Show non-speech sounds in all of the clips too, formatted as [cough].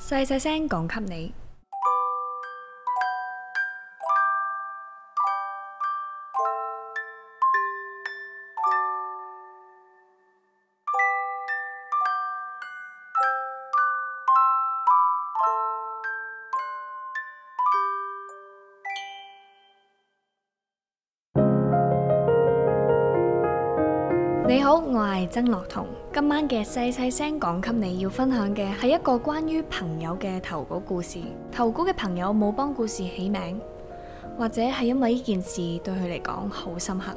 細細聲講給你。你好，我係曾樂彤。今晚嘅細細聲講給你要分享嘅係一個關於朋友嘅投稿故事。投稿嘅朋友冇幫故事起名，或者係因為呢件事對佢嚟講好深刻。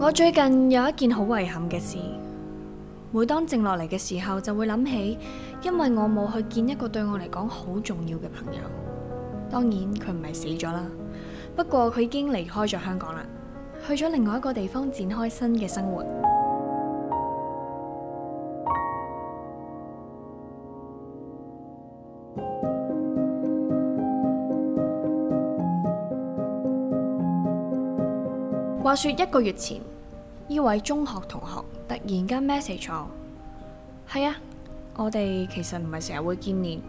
我最近有一件好遺憾嘅事，每當靜落嚟嘅時候，就會諗起，因為我冇去見一個對我嚟講好重要嘅朋友。當然，佢唔係死咗啦。不過佢已經離開咗香港啦，去咗另外一個地方展開新嘅生活。 [music] 話說一個月前，呢 [music] 位中學同學突然間 message 我，係 [music] 啊，我哋其實唔係成日會見面。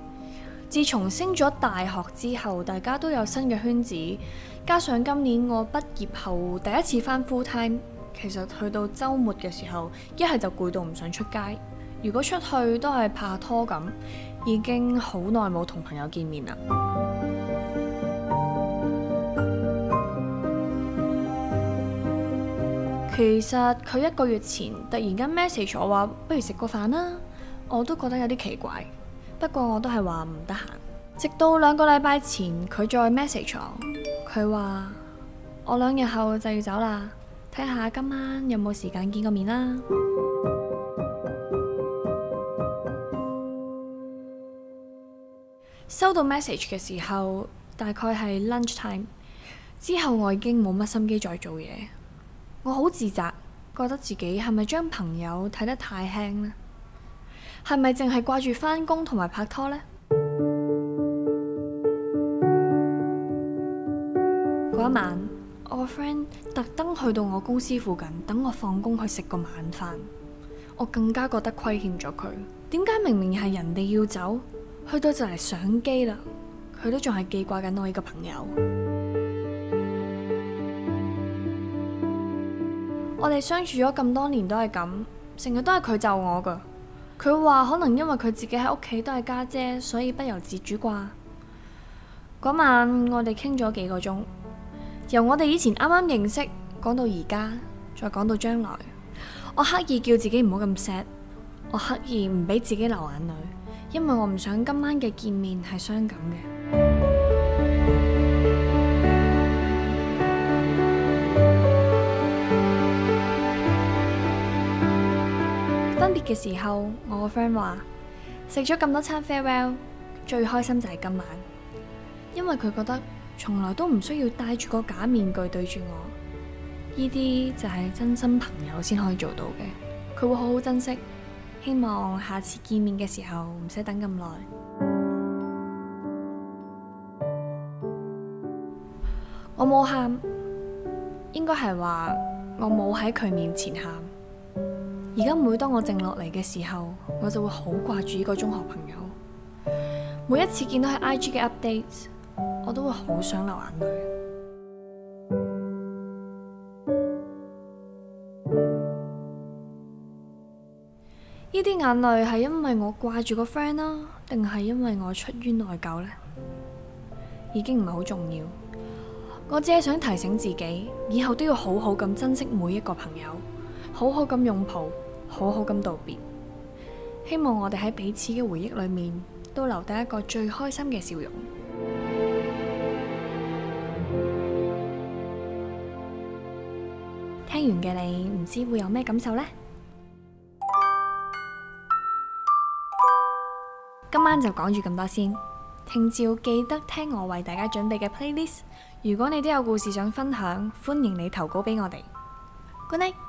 自從升咗大學之後，大家都有新嘅圈子，加上今年我畢業後第一次返 full time，其實去到週末嘅時候，一係就攰到唔想出街。如果出去都係拍拖咁，已經好耐冇同朋友見面啦。 [music] 其實佢一個月前突然間 message 我話，不如食個飯啦，我都覺得有啲奇怪。不過我都係話唔得閒，直到兩個禮拜前佢再 message 我，佢話我兩日後就要走啦，睇下今晚有冇時間見個面啦。 [music] 收到 message 嘅時候，大概係 lunch time 之後，我已經冇乜心機再做嘢，我好自責，覺得自己係咪將朋友睇得太輕呢？係咪淨係掛住翻工同埋拍拖呢？嗰 [music] 一晚，我個 friend 特登去到我公司附近等我放工去食個晚飯，我更加覺得虧欠咗佢。點解明明係人哋要走，去到就嚟上機啦，佢都仲係記掛緊我呢個朋友？ [music] 我哋相處咗咁多年都係咁，成日都係佢就我噶。佢話：可能因為佢自己喺屋企都係家姐，所以不由自主啩。嗰晚我哋傾咗幾個鐘，由我哋以前啱啱認識講到而家，再講到將來。我刻意叫自己唔好咁 sad，我刻意唔俾自己流眼淚，因為我唔想今晚嘅見面係傷感嘅。分別嘅時候，我個 friend 話食咗咁多餐 farewell，最開心就係今晚，因為佢覺得從來都唔需要戴住個假面具對住我，呢啲就係真心朋友先可以做到嘅。佢會好好珍惜，希望下次見面嘅時候唔使等咁耐。我冇喊，應該係話我冇喺佢面前喊。而家每當我靜落嚟嘅時候，我就會好掛住呢個中學朋友。每一次見到喺 IG 嘅 update，我都會好想流眼淚。呢啲眼淚係因為我掛住個 friend 啦，定係因為我出於內疚呢？已經唔係好重要，我只係想提醒自己，以後都要好好咁珍惜每一個朋友，好好咁擁抱。好好咁道別，希望我哋喺彼此嘅回憶裏面，都留低一個最開心嘅笑容。聽完嘅你唔知會有咩感受呢？今晚就講住咁多先，聽朝記得聽我為大家準備嘅 playlist。如果你都有故事想分享，歡迎你投稿俾我哋。Good night。